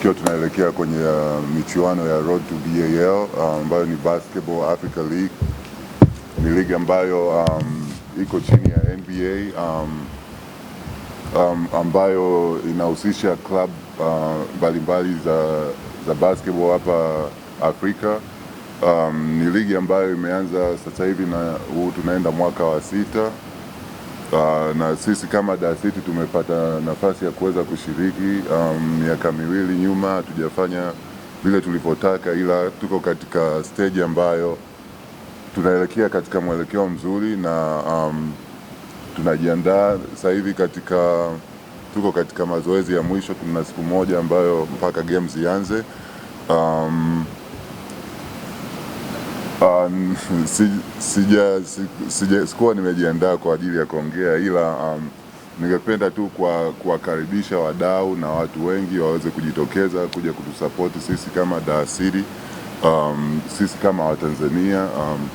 tukiwa tunaelekea kwenye uh, michuano ya Road to BAL uh, ambayo um, ni Basketball Africa League. Ni ligi ambayo um, iko chini ya NBA um, um, ambayo inahusisha club uh, mbalimbali uh, za, za basketball hapa Afrika. Um, ni ligi ambayo imeanza sasa hivi na huu tunaenda mwaka wa sita. Uh, na sisi kama Dasiti tumepata nafasi ya kuweza kushiriki um, miaka um, miwili nyuma, hatujafanya vile tulivyotaka, ila tuko katika stage ambayo tunaelekea katika mwelekeo mzuri na um, tunajiandaa sasa hivi katika, tuko katika mazoezi ya mwisho. Tuna siku moja ambayo mpaka games zianze um, Um, sija, sija, sikuwa nimejiandaa kwa ajili ya kuongea ila um, ningependa tu kuwakaribisha wadau na watu wengi waweze kujitokeza kuja kutusapoti sisi kama daasiri um, sisi kama Watanzania um.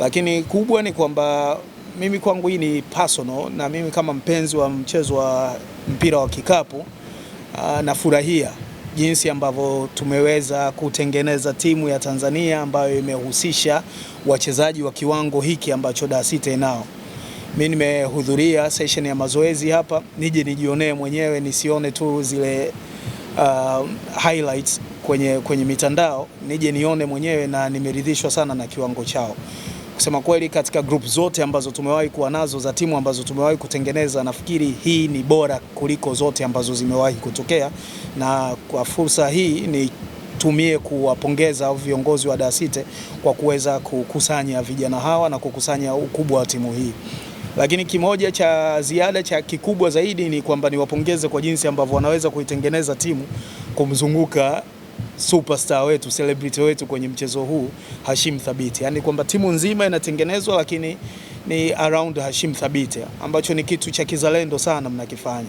Lakini kubwa ni kwamba mimi kwangu hii ni personal, na mimi kama mpenzi wa mchezo wa mpira wa kikapu uh, nafurahia jinsi ambavyo tumeweza kutengeneza timu ya Tanzania ambayo imehusisha wachezaji wa kiwango hiki ambacho Dar City inao. Mimi nimehudhuria session ya mazoezi hapa, nije nijionee mwenyewe, nisione tu zile uh, highlights kwenye, kwenye mitandao, nije nione mwenyewe na nimeridhishwa sana na kiwango chao. Kusema kweli, katika group zote ambazo tumewahi kuwa nazo za timu ambazo tumewahi kutengeneza, nafikiri hii ni bora kuliko zote ambazo zimewahi kutokea, na kwa fursa hii ni tumie kuwapongeza viongozi wa Dasite kwa kuweza kukusanya vijana hawa na kukusanya ukubwa wa timu hii. Lakini kimoja cha ziada cha kikubwa zaidi ni kwamba niwapongeze kwa jinsi ambavyo wanaweza kuitengeneza timu kumzunguka superstar wetu, celebrity wetu kwenye mchezo huu Hashim Thabiti, yaani kwamba timu nzima inatengenezwa lakini ni around Hashim Thabiti, ambacho ni kitu cha kizalendo sana mnakifanya.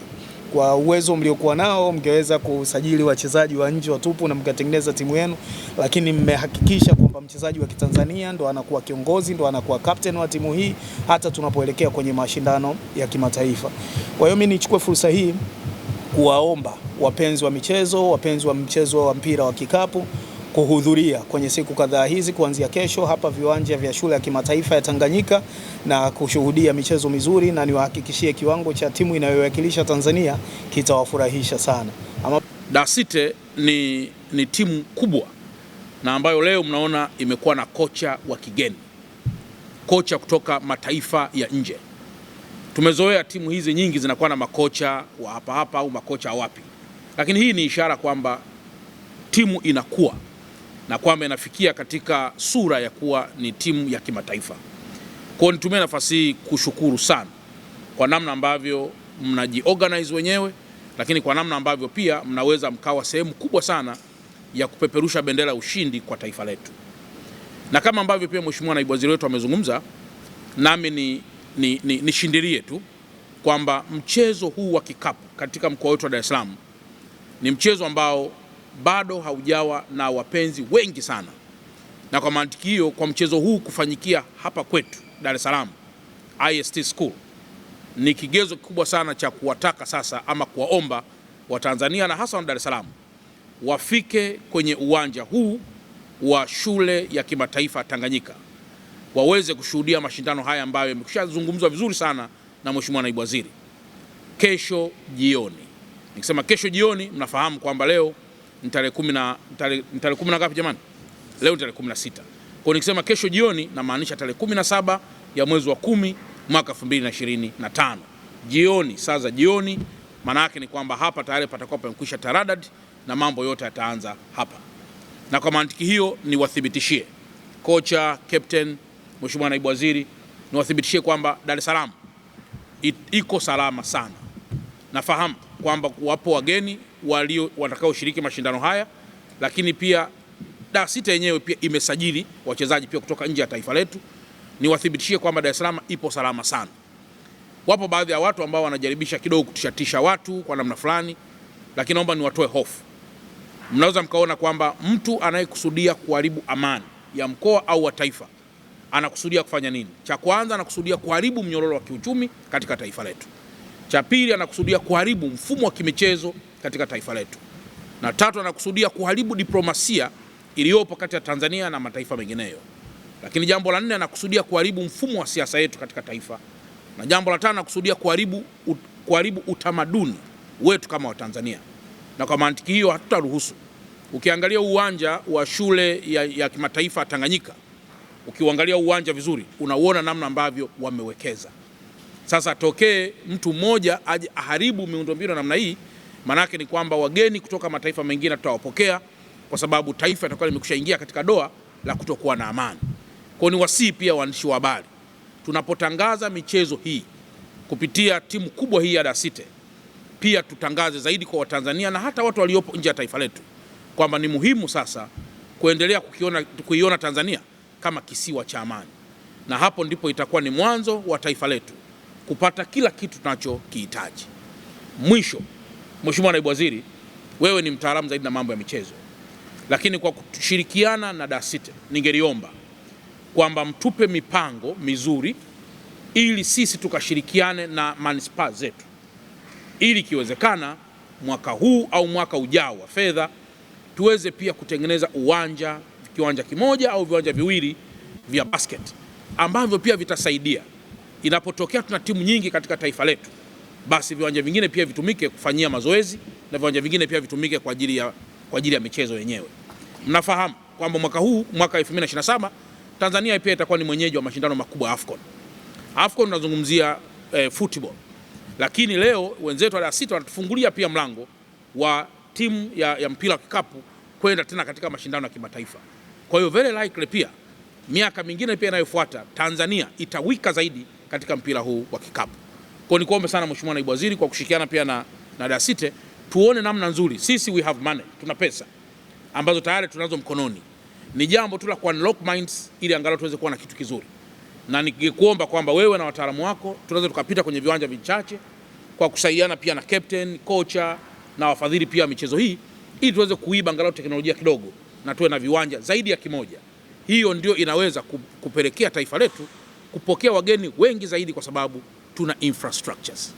Kwa uwezo mliokuwa nao mngeweza kusajili wachezaji wa nje watupu na mkatengeneza timu yenu, lakini mmehakikisha kwamba mchezaji wa Kitanzania ndo anakuwa kiongozi, ndo anakuwa captain wa timu hii hata tunapoelekea kwenye mashindano ya kimataifa. Kwa hiyo mimi nichukue fursa hii kuwaomba wapenzi wa michezo, wapenzi wa mchezo wa mpira wa kikapu kuhudhuria kwenye siku kadhaa hizi kuanzia kesho hapa viwanja vya shule ya kimataifa ya Tanganyika na kushuhudia michezo mizuri, na niwahakikishie kiwango cha timu inayowakilisha Tanzania kitawafurahisha sana. Ama... Dasite ni, ni timu kubwa na ambayo leo mnaona imekuwa na kocha wa kigeni, kocha kutoka mataifa ya nje. Tumezoea timu hizi nyingi zinakuwa na makocha wa hapa hapa au makocha wapi, lakini hii ni ishara kwamba timu inakuwa na kwamba inafikia katika sura ya kuwa ni timu ya kimataifa. Kwa nitumie nafasi hii kushukuru sana kwa namna ambavyo mnajiorganize wenyewe, lakini kwa namna ambavyo pia mnaweza mkawa sehemu kubwa sana ya kupeperusha bendera ya ushindi kwa taifa letu, na kama ambavyo pia Mheshimiwa Naibu Waziri wetu amezungumza, nami ni nishindirie ni, ni tu kwamba mchezo huu wa kikapu katika mkoa wetu wa Dar es Salaam ni mchezo ambao bado haujawa na wapenzi wengi sana, na kwa mantiki hiyo, kwa mchezo huu kufanyikia hapa kwetu Dar es Salaam IST School ni kigezo kikubwa sana cha kuwataka sasa ama kuwaomba Watanzania na hasa wa Dar es Salaam wafike kwenye uwanja huu wa shule ya kimataifa Tanganyika waweze kushuhudia mashindano haya ambayo yamekushazungumzwa vizuri sana na Mheshimiwa Naibu Waziri. Kesho jioni, nikisema kesho jioni, mnafahamu kwamba leo ni tarehe kumi na ngapi jamani? Leo ni tarehe 16. Kwa hiyo nikisema kesho jioni namaanisha tarehe 17 ya mwezi wa kumi mwaka 2025 jioni, saa za jioni. Maana yake ni kwamba hapa tayari patakuwa pamekwisha taradad na mambo yote yataanza hapa, na kwa mantiki hiyo niwathibitishie kocha, captain Mheshimiwa Naibu Waziri, niwathibitishie kwamba Dar es Salaam iko salama sana. Nafahamu kwamba wapo wageni walio watakaoshiriki mashindano haya, lakini pia sita yenyewe pia imesajili wachezaji pia kutoka nje ya taifa letu. Niwathibitishie kwamba Dar es Salaam ipo salama sana. Wapo baadhi ya watu ambao wanajaribisha kidogo kutishatisha watu kwa namna fulani, lakini naomba niwatoe hofu. Mnaweza mkaona kwamba mtu anayekusudia kuharibu amani ya mkoa au wa taifa anakusudia kufanya nini? Cha kwanza anakusudia kuharibu mnyororo wa kiuchumi katika taifa letu. Cha pili anakusudia kuharibu mfumo wa kimichezo katika taifa letu, na tatu anakusudia kuharibu diplomasia iliyopo kati ya Tanzania na mataifa mengineyo. Lakini jambo la nne anakusudia kuharibu mfumo wa siasa yetu katika taifa, na jambo la tano anakusudia kuharibu ut, kuharibu utamaduni wetu kama Watanzania, na kwa mantiki hiyo hatutaruhusu. Ukiangalia uwanja wa shule ya, ya kimataifa Tanganyika ukiuangalia uwanja vizuri unauona namna ambavyo wamewekeza. Sasa tokee mtu mmoja aje aharibu miundombinu namna hii, maanake ni kwamba wageni kutoka mataifa mengine tutawapokea, kwa sababu taifa litakuwa limekushaingia katika doa la kutokuwa na amani. Kwa ni wasii pia waandishi wa habari, tunapotangaza michezo hii kupitia timu kubwa hii ya City, pia tutangaze zaidi kwa Watanzania na hata watu waliopo nje ya taifa letu kwamba ni muhimu sasa kuendelea kukiona kuiona Tanzania kama kisiwa cha amani, na hapo ndipo itakuwa ni mwanzo wa taifa letu kupata kila kitu tunachokihitaji. Mwisho, Mheshimiwa Naibu Waziri, wewe ni mtaalamu zaidi na mambo ya michezo, lakini kwa kushirikiana na DASITA ningeliomba kwamba mtupe mipango mizuri ili sisi tukashirikiane na manispaa zetu ili ikiwezekana mwaka huu au mwaka ujao wa fedha tuweze pia kutengeneza uwanja kiwanja kimoja au viwanja viwili vya basket ambavyo pia vitasaidia inapotokea tuna timu nyingi katika taifa letu, basi viwanja vingine pia vitumike kufanyia mazoezi na viwanja vingine pia vitumike kwa ajili ya, kwa ajili ya michezo yenyewe. Mnafahamu kwamba mwaka huu mwaka 2027 Tanzania pia itakuwa ni mwenyeji wa mashindano makubwa AFCON. AFCON tunazungumzia eh, football. Lakini leo wenzetu wa sita wanatufungulia pia mlango wa timu ya, ya mpira wa kikapu kwenda tena katika mashindano ya kimataifa. Kwa hiyo very likely pia miaka mingine pia inayofuata Tanzania itawika zaidi katika mpira huu wa kikapu. Kwa ni kuombe sana Mheshimiwa Naibu Waziri kwa kushirikiana pia na, na Dasite tuone namna nzuri. Sisi we have money, tuna pesa ambazo tayari tunazo mkononi. Ni jambo tu la ku unlock minds ili angalau tuweze kuwa na kitu kizuri, na nikikuomba kwamba wewe na wataalamu wako tunaweza tukapita kwenye viwanja vichache kwa kusaidiana pia na captain, kocha na wafadhili pia michezo hii ili tuweze kuiba angalau teknolojia kidogo na tuwe na viwanja zaidi ya kimoja. Hiyo ndio inaweza kupelekea taifa letu kupokea wageni wengi zaidi, kwa sababu tuna infrastructures.